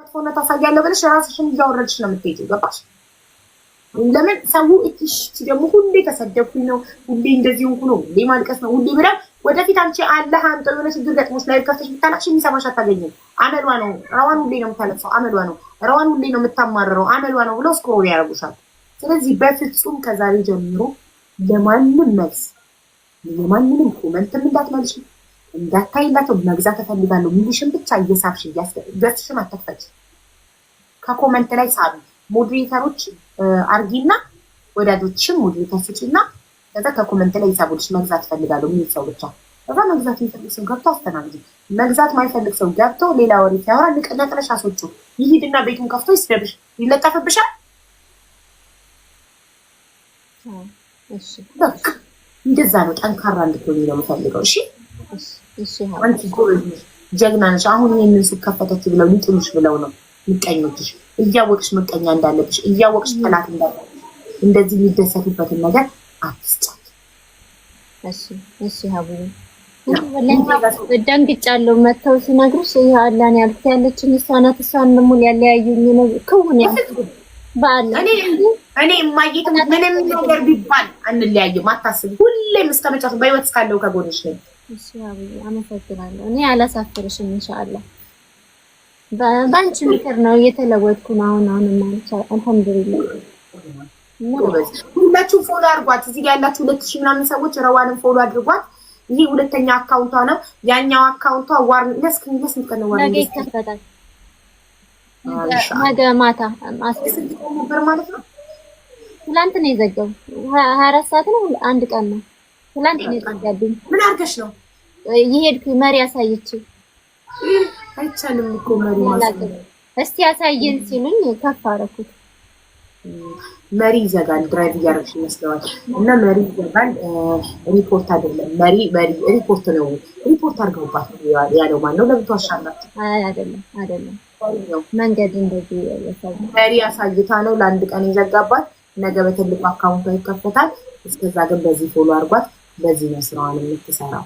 መጥፎነ ታሳያለህ ብለሽ ራስሽን እያወረድሽ ነው የምትሄጂው። ገባሽ? ለምን ሰው እኪሽ ደግሞ ሁሌ ተሰደብኩኝ ነው ሁሌ እንደዚህ ሆንኩ ነው ሁሌ ማልቀስ ነው ሁሌ ብላ ወደፊት አንቺ አለህ አንጦ የሆነ ችግር ገጥሞሽ ላይ ከፍተሽ ብታለቅሽ የሚሰማሽ አታገኝም። አመሏ ነው ረዋን ሁሌ ነው የምታለቅሰው፣ አመሏ ነው ረዋን ሁሌ ነው የምታማርረው፣ አመሏ ነው ብለው ስክሮል ያደርጉሻል። ስለዚህ በፍጹም ከዛሬ ጀምሮ ለማንም መልስ ለማንንም ኮመንትም እንዳትመልሽ እንዳታይላቸው መግዛት እፈልጋለሁ። ሚሊሽን ብቻ እየሳብሽ ገጽሽን አተፈች ከኮመንት ላይ ሳቢ ሞዴሬተሮች አርጊና ወዳጆችም ሞዴሬተር ስጪና ከዛ ከኮመንት ላይ ይሳቡልሽ መግዛት እፈልጋለሁ የሚል ሰው ብቻ ከዛ መግዛት የሚፈልግ ሰው ገብቶ አስተናግዱ። መግዛት ማይፈልግ ሰው ገብቶ ሌላ ወሬ ሲያወራ ልቅለቅለሽ አሶቹ ይሂድና ቤቱን ከፍቶ ይስደብሽ ይለጠፍብሻል። እንደዛ ነው ጠንካራ እንድትሆኝ ነው የምፈልገው። እሺ አንቺ ጎበዝ ነሽ፣ ጀግና ነሽ። አሁን ይህንን ሱቅ ከፈተች ብለው ሊጥሉሽ ብለው ነው ምቀኞችሽ። እያወቅሽ ምቀኛ እንዳለብሽ እያወቅሽ ጠላት እንዳለብሽ እንደዚህ የሚደሰቱበትን ነገር አትስጫት። እሺ እሺ፣ ደንግጫለሁ። መጥተው ሲነግሩሽ ይህ አላን ያልኩት ያለችን እሷ ናት። እሷን ደግሞ ሊያለያዩኝ ነው። ክውን እኔ የማየት ምንም ነገር ቢባል አንለያየም፣ አታስቢ። ሁሌም እስከመጫወት በህይወት እስካለው ከጎንሽ ነኝ። እሺ አብዬ አመሰግናለሁ። እኔ አላሳፍርሽም። ኢንሻአላህ በአንቺ ምክር ነው እየተለወጥኩ አሁን አሁን ማለት አልሐምዱሊላህ። ሁላችሁ ፎሎ አድርጓት። እዚህ ጋር ያላችሁ ሁለት ሺህ ምናምን ሰዎች ረዋንም ፎሎ አድርጓት። ይሄ ሁለተኛ አካውንቷ ነው። ያኛው አካውንቷ ዋር ለስክ ለስክ ከነዋር ነገ ይከፈታል። ነገ ማታ አስር ነበር ማለት ነው። ትናንት ነው የዘጋው። ሀያ ሰዓት ነው። አንድ ቀን ነው ትናንት ነው የጸዳብኝ። ምን ነው የሄድኩ? መሪ አሳይቼ አይቻልም እኮ መሪ እስቲ ያሳየን ሲሉኝ ከፍ አደረኩት። መሪ ይዘጋል። ድራይቭ እያደረግሽ ይመስለዋል። እና መሪ ይዘጋል። ሪፖርት አይደለም መሪ መሪ ሪፖርት ነው። ሪፖርት አድርገውባት ያለው ማን ነው? አይደለም አይደለም፣ መንገድ እንደዚህ መሪ አሳይታ ነው ለአንድ ቀን የዘጋባት። ነገ በትልቁ አካውንቷ ይከፈታል። እስከዛ ግን በዚህ ፎሎ አድርጓት። በዚህ ነው ስራዋን የምትሰራው።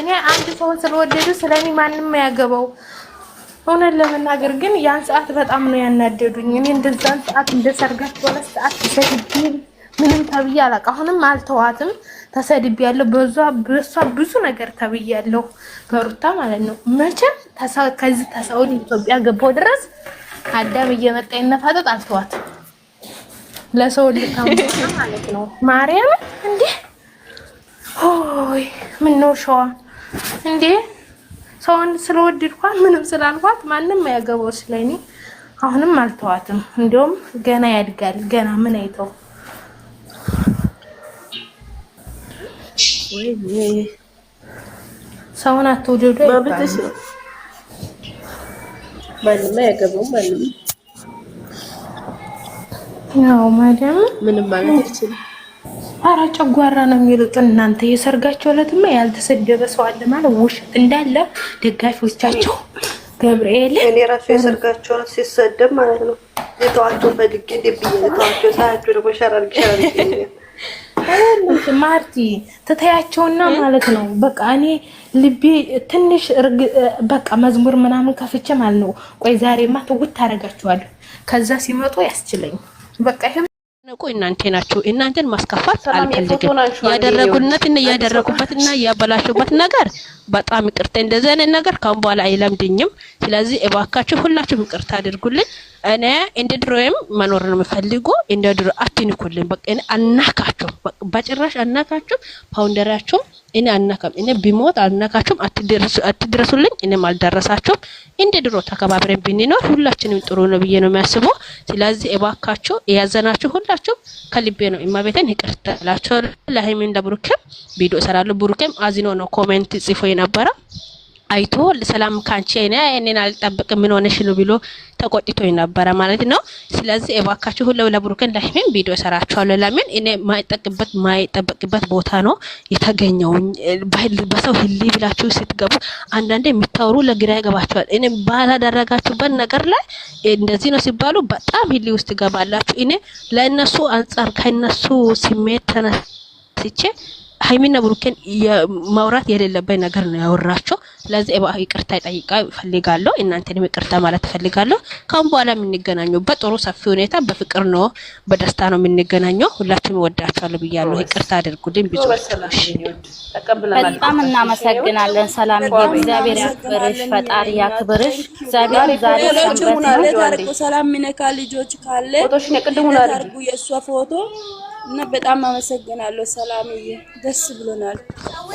እኔ አንድ ሰውን ስለወደዱ ስለኔ ማንም ያገባው እውነት ለመናገር ግን ያን ሰዓት በጣም ነው ያናደዱኝ። እኔ እንደዛን ሰዓት እንደሰርጋቸው ሁለት ሰዓት ተሰድቤ ምንም ተብዬ አላቅ። አሁንም አልተዋትም፣ ተሰድቤያለሁ። በሷ ብዙ ነገር ተብያለሁ፣ በሩታ ማለት ነው። መቼም ከዚህ ተሰውን ኢትዮጵያ ገባው ድረስ አዳም እየመጣ ይነፋጠጥ አልተዋትም። ለሰው ልታምጣ ማለት ነው። ማርያም እንዴ! ሆይ ምን ነው ሸዋ እንዴ! ሰውን ስለወደድኳት ምንም ስላልኳት ማንም ያገባው ስለኔ አሁንም አልተዋትም። እንዲሁም ገና ያድጋል። ገና ምን አይተው ሰውን አትወደዱ። ማንም ያገባው ማንም ያው ማዳም ምንም ማለት አይችልም። አራ ጨጓራ ነው የሚሉት እናንተ። የሰርጋቸው ዕለትማ ያልተሰደበ ሰው አለ ማለት ውሸት እንዳለ ደጋፊዎቻቸው ገብርኤል እኔ ራሱ የሰርጋቸው ዕለት ሲሰደብ ማለት ነው የተዋቸው ፈልጌ እንደብዬ የተዋቸው ሳያቸው ደግሞ ሸራርግ ሸራርግ ማርቲ ትታያቸውና ማለት ነው በቃ እኔ ልቤ ትንሽ በቃ መዝሙር ምናምን ከፍቼ ማለት ነው ቆይ ዛሬማ ትውት ታደርጋቸዋለሁ። ከዛ ሲመጡ ያስችለኝ በቃ ይሄም ነቁ እናንተ ናችሁ። እናንተን ማስከፋት አልፈልግም። ያደረጉነትና ያደረጉበትና ያበላሹበት ነገር በጣም ይቅርታ። እንደዚህ አይነት ነገር ካሁን በኋላ አይለምድኝም። ስለዚህ እባካችሁ ሁላችሁም ይቅርታ አድርጉልኝ። እኔ እንደ ድሮዬም መኖር ነው የምፈልጉ። እንደ ድሮ አትንኩልኝ። በቃ እኔ አናካችሁም፣ በጭራሽ አናካችሁም ፓውንደራችሁም እኔ አልነካም። እኔ ቢሞት አልነካችሁም፣ አትደርሱልኝ፣ እኔም አልደረሳችሁም። እንደ ድሮ ተከባብረን ብንኖር ሁላችንም ጥሩ ነው ብዬ ነው የሚያስበው። ስለዚህ እባካችሁ የያዘናችሁ ሁላችሁም ከልቤ ነው እማቤቴን ይቅርታ እላቸዋለሁ። ለሃይሚን ለብሩኬም ቪዲዮ እሰራለሁ። ብሩኬም አዝኖ ነው ኮሜንት ጽፎ የነበረ አይቶ ሰላም ካንቺ እኔ እኔን አልጠብቅም ምን ሆነሽ ነው ብሎ ተቆጥቶኝ ነበረ ማለት ነው። ስለዚህ እባካችሁ ሁሉ ለብሩክን ለህሚን ቪዲዮ እሰራችኋለሁ። ለምን እኔ ማይጠቅበት ማይጠበቅበት ቦታ ነው የተገኘው። በሰው ህሊ ብላችሁ ስትገቡ አንዳንዴ የምታወሩ ለግራ ይገባችኋል። እኔ ባላደረጋችሁበት ነገር ላይ እንደዚህ ነው ሲባሉ በጣም ህሊ ውስጥ ይገባላችሁ። እኔ ለእነሱ አንጻር ከእነሱ ስሜት ተነስቼ ሀይሚና ብሩኬን ማውራት የሌለበት ነገር ነው ያወራቸው። ለዚህ ይቅርታ ይጠይቃ ይፈልጋለሁ። እናንተንም ይቅርታ ማለት ይፈልጋለሁ። ካሁን በኋላ የምንገናኘው በጥሩ ሰፊ ሁኔታ በፍቅር ነው፣ በደስታ ነው የምንገናኘው። ሁላችሁም ወዳችኋለሁ ብያለሁ። ይቅርታ አድርጉልኝ። ብዙ በጣም እናመሰግናለን። ሰላም እግዚአብሔር ያክብርሽ፣ ፈጣሪ ያክብርሽ። እግዚአብሔር ዛሬ ሰላም ሚነካ ልጆች ካለ ቅድሙ የእሷ ፎቶ እና በጣም አመሰግናለሁ ሰላምዬ፣ ደስ ብሎናል።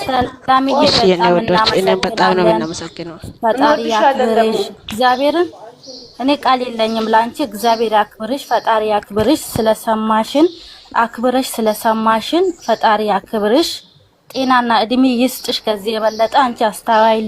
ሰላምዬ በጣም ነው የምናመሰግነው። ፈጣሪ ያክብርሽ። እግዚአብሔርን እኔ ቃል የለኝም ለአንቺ። እግዚአብሔር ያክብርሽ፣ ፈጣሪ ያክብርሽ። ስለሰማሽን አክብርሽ፣ ስለሰማሽን ፈጣሪ ያክብርሽ። ጤናና እድሜ ይስጥሽ። ከዚህ የበለጠ አንቺ አስተዋይ